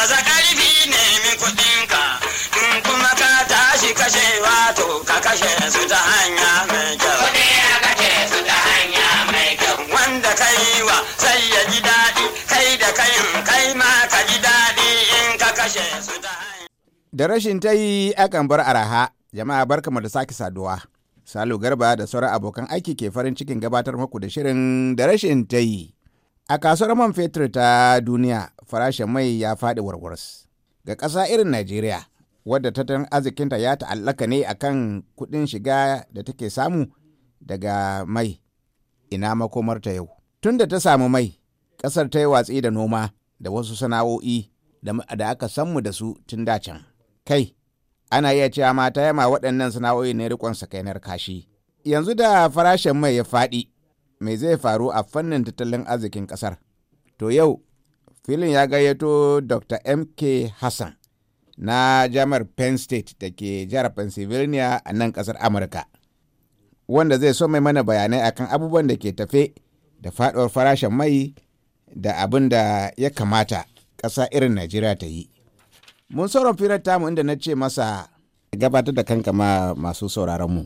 baza ƙarfi nemi kuɗinka in kuma ka tashi kashe wato ka kashe su ta hanya mai kyau. kashe su ta hanya mai kyau. Wanda ka yi wa sai ya ji daɗi kai da kayan kai ma ka ji daɗi in ka kashe su ta hanya. Da rashin ta yi akan bar araha jama'a barkama da sake saduwa. Salo Garba da sauran abokan aiki ke farin cikin gabatar muku da shirin da rashin ta yi. A kasuwar man fetur ta duniya farashin mai ya faɗi warwars. Ga ƙasa irin Najeriya, wadda tattalin arzikinta ya ta'allaka ne a kan kuɗin shiga da take samu daga mai, ina makomarta yau. Tun da ta samu mai, ƙasar ta yi watsi da noma da wasu sana'o'i da aka san mu da su tun can Kai, ana iya cewa mata yama waɗannan sana'o'i ne rikon sakainar kashi. Yanzu da farashin mai ya faɗi, mai zai faru a fannin tattalin arzikin kasar. To yau, filin ya gayyato Dr. MK Hassan na jamar Penn State da ke jihar Pennsylvania a nan kasar Amurka, wanda zai so mai mana bayanai akan abubuwan da ke tafe da faɗuwar farashin mai da abin da ya kamata ƙasa irin Najeriya ta yi. Mun sauran firar tamu inda na ce masa gabatar da kanka masu sauraron mu.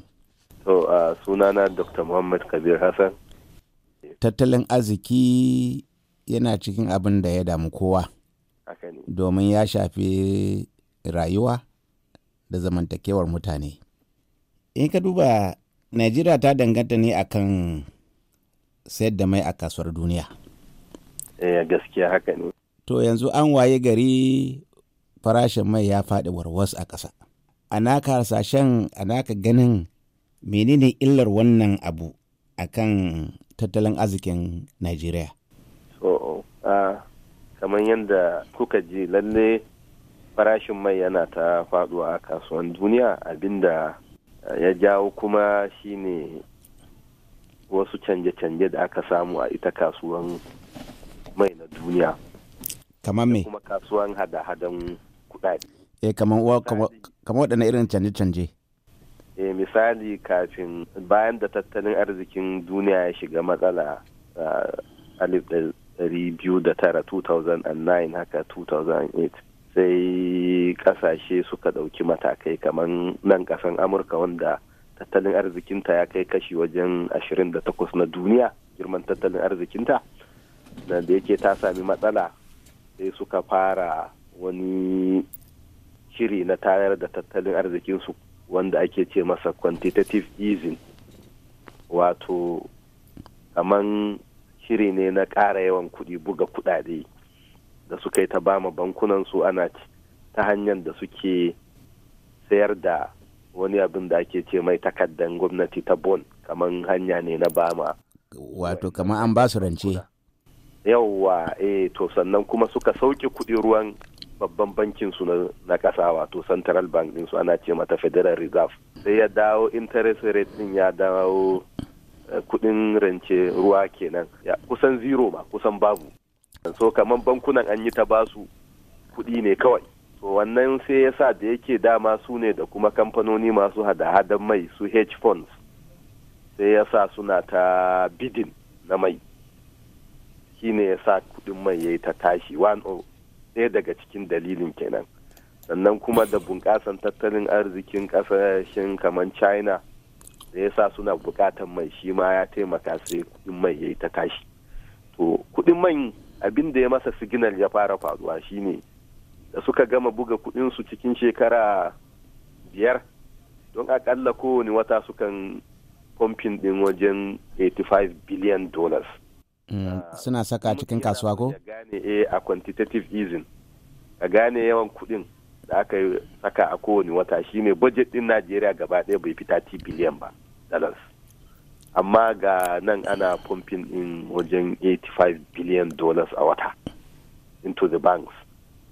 so, uh, sunana Dr. Muhammad Kabir Hassan tattalin arziki yana cikin abin da ya damu kowa domin ya shafi rayuwa da zamantakewar mutane in ka duba najeriya ta danganta ne akan sayar da mai a kasuwar duniya eh gaskiya haka ne to yanzu an waye gari farashin mai ya faɗi warwas a ƙasa a naka harsashen a naka ganin menene illar wannan abu akan tattalin arzikin Najeriya? So, uh, oh. ah, kamar yadda kuka ji lalle farashin mai yana ta faduwa a kasuwan duniya abinda uh, eh, ya jawo kuma shine wasu canje-canje da aka samu a ita kasuwan mai na duniya. Kamar me? Kuma kasuwan hada-hadan kudade. Eh, kamar waɗanne irin canje-canje? e, misali kafin bayan da tattalin arzikin duniya ya shiga matsala a ah, alif dari biyu da tara 2009 haka 2008 sai kasashe suka ɗauki matakai kamar nan kasan amurka wanda tattalin arzikinta ya kai kashi wajen 28 na duniya girman tattalin arzikinta da yake ta sami matsala sai suka fara wani shiri na tayar da tattalin arzikinsu wanda ake ce masa quantitative easing wato kaman shiri ne na ƙara yawan kuɗi buga kuɗaɗe da suka yi ta bama bankunan su ana ta hanyar da suke sayar da wani abin da ake ce mai takaddan gwamnati ta bon kaman hanya ne na bama wato kaman an ba su rance yauwa eh to sannan kuma suka sauke kuɗi ruwan babban bankin su na kasa wato central bank din su ana ce mata federal reserve sai ya dawo interest rate din ya dawo eh, kudin rance ruwa kenan ya kusan zero ma kusan babu so kamar bankunan an yi ta basu kudi ne kawai so wannan sai ya sa da yake dama su ne da kuma kamfanoni masu hada-hadan mai su hedge funds sai ya sa suna ta bidin na mai shine ya sa kudin mai ya yi ta tashi oh ɗaya daga cikin dalilin kenan sannan kuma da bunƙasan tattalin arzikin ƙasashen kamar china da ya sa suna buƙatar mai shi ma ya taimaka sai kuɗin mai ya yi ta tashi to kuɗin mai abin da ya masa siginal ya fara faruwa shine da suka gama buga kuɗin su cikin shekara biyar don akalla kowane wata sukan fomfin ɗin wajen 85 billion dollars Mm, ah, suna saka cikin kasuwa ko? gane eh, a quantitative easing a gane yawan kuɗin da aka yi saka a kowane wata shine budget din najeriya gaba ɗaya bai fita t billion ba dollars amma ga nan ana pumping in wajen 85 billion dollars a wata into the banks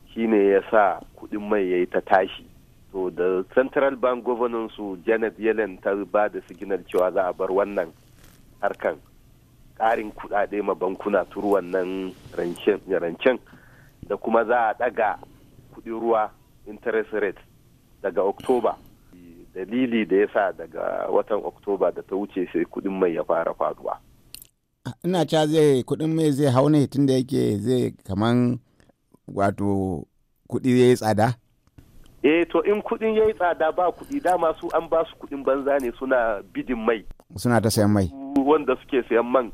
shine ya sa kuɗin mai ya yi ta tashi to da central bank governance su janet yellen ta ba da signal cewa za a bar wannan harkan ƙarin kuɗaɗe ma bankuna turu wannan rancen da kuma za a ɗaga kuɗin ruwa interest rate daga oktoba dalili da ya sa daga watan oktoba da ta wuce sai kuɗin mai ya fara faduwa ina ca zai kuɗin mai zai hau ne tun da yake zai kaman wato kuɗi ya yi tsada eh to in kuɗin ya yi tsada ba kuɗi dama su an ba su kuɗin banza ne suna bidin mai suna ta sayan mai wanda suke sayan man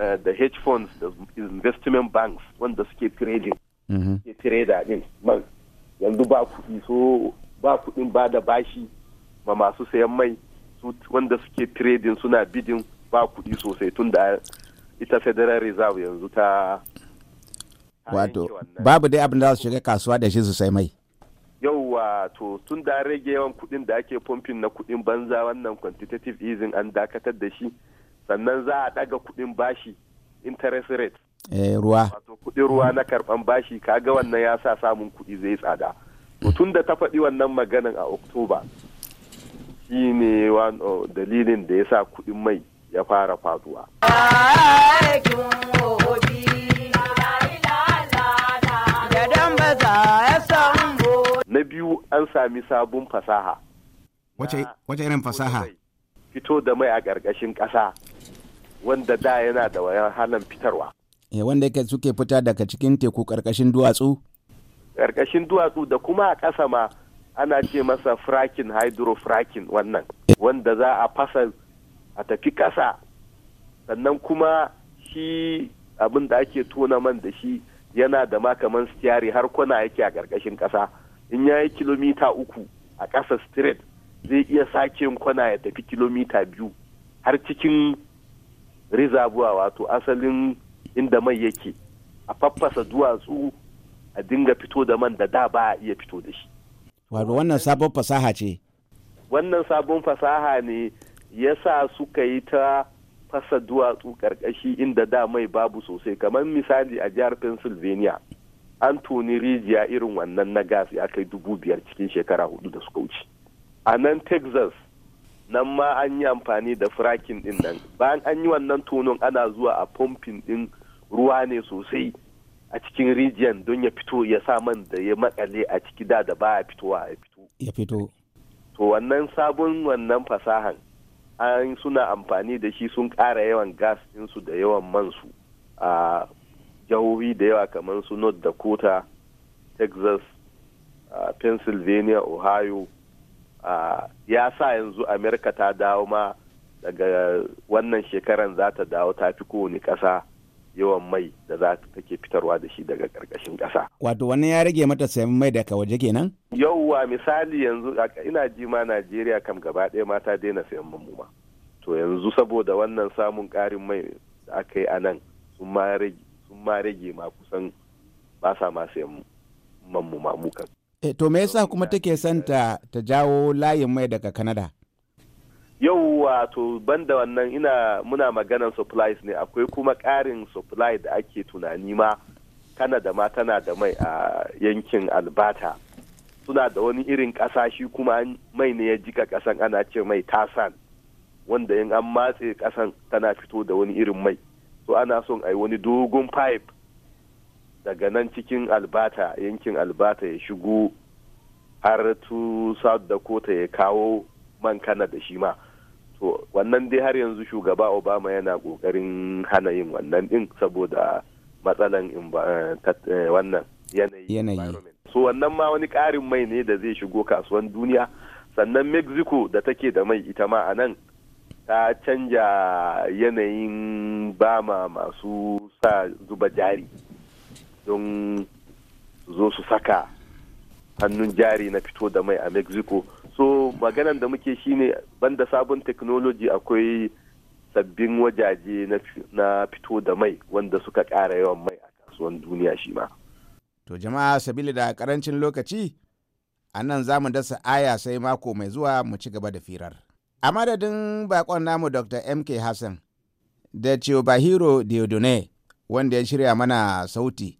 da uh, hedge funds da investment banks wanda suke trading mhm. suke trader din man yanzu ba kuɗi so ba kuɗin ba da bashi ma masu sayan mai wanda suke trading suna bidin ba kuɗi sosai tun da ita federal reserve yanzu ta wato babu dai abin da za su shiga kasuwa da shi su sai mai yauwa to tun da rage yawan kuɗin da ake pumping na kuɗin banza wannan quantitative easing an dakatar da shi sannan za a ɗaga kuɗin bashi interest rate eh ruwa wato kuɗin ruwa na karɓan bashi kaga wannan ya sa samun kuɗi zai tsada mutum mm. da ta faɗi wannan maganan a oktoba shi ne dalilin da ya sa kuɗin mai ya fara faduwa. Na biyu an sami sabon fasaha. Wace irin fasaha? Fito da mai a ƙarƙashin ƙasa. wanda da yana da wayan halin fitarwa. E, wanda yake suke fita daga cikin teku ƙarƙashin duwatsu? Ƙarƙashin duwatsu da kuma a ƙasa ma ana ce masa fracking hydrofracking wannan wanda za a fasa a tafi ƙasa sannan kuma shi abin da ake tona man da shi yana da makaman stiyari har kwana yake a ƙarƙashin ƙasa in ya yi kilomita uku a ƙasa straight zai iya sake kwana ya tafi kilomita biyu har cikin rizabuwa wato asalin inda mai yake a faffasa duwatsu a dinga fito da man da da ba a iya fito da shi wato wannan sabon fasaha ce wannan sabon fasaha ne ya sa suka yi ta fasa duwatsu karkashi inda da mai babu sosai kamar misali a jihar pennsylvania an toni rijiya irin wannan na gas ya kai dubu biyar cikin shekara hudu da suka wuce a nan texas nan ma an yi amfani da frakin din nan bayan an yi wannan tonon ana zuwa a pompin din ruwa ne sosai a cikin rijiyan don ya fito ya sa man da ya makale a ciki da da baya fitowa ya fito ya fito to wannan sabon wannan fasahan an suna amfani da shi sun ƙara yawan gas ɗinsu da yawan man su a jahohi da yawa kamar su north dakota texas pennsylvania ohio ya sa yanzu amerika ta dawo ma daga wannan shekaran za ta dawo ta fi kowane ƙasa yawan mai da za ta take fitarwa da shi daga ƙarƙashin kasa. Wato wannan ya rage mata sayan mai daga waje kenan? Yauwa misali yanzu ina ji ma Najeriya kam gaba ɗaya mata daina sayan mu ma. To yanzu saboda wannan samun ƙarin mai da aka yi a nan sun ma rage ma kusan ba sa ma sayan mu ma mu kan. eh to me yasa kuma take son ta ta jawo layin mai daga kanada. Yau wato banda wannan ina muna maganan supplies ne akwai kuma ƙarin supply da ake tunani ma kanada ma tana da mai a yankin Albata. Suna da wani irin ƙasa shi kuma mai ne ya jika ƙasan ana ce mai tasan wanda in an matse kasan tana fito da wani irin mai. So ana son ai wani dogon pipe daga nan cikin albata yankin albata ya shigo har tu south dakota ya kawo man kana da shi ma to wannan dai har yanzu shugaba obama yana kokarin hana yin wannan din saboda matsalan eh, eh, wannan yanayi so wannan ma wani ƙarin mai ne da zai shigo kasuwan duniya sannan mexico da take da mai ita ma a nan ta canja yanayin bama masu sa zuba jari don zo su saka hannun jari na fito da mai a mexico so maganan da muke shine banda sabon technology akwai sabbin wajaje na fito da mai wanda suka kara yawan mai a kasuwan duniya shi ma to jama'a sabili da karancin lokaci a nan za mu dasa aya sai mako mai zuwa mu ci gaba da firar a madadin bakon namu dr mk hassan da bahiro diodone wanda ya shirya mana sauti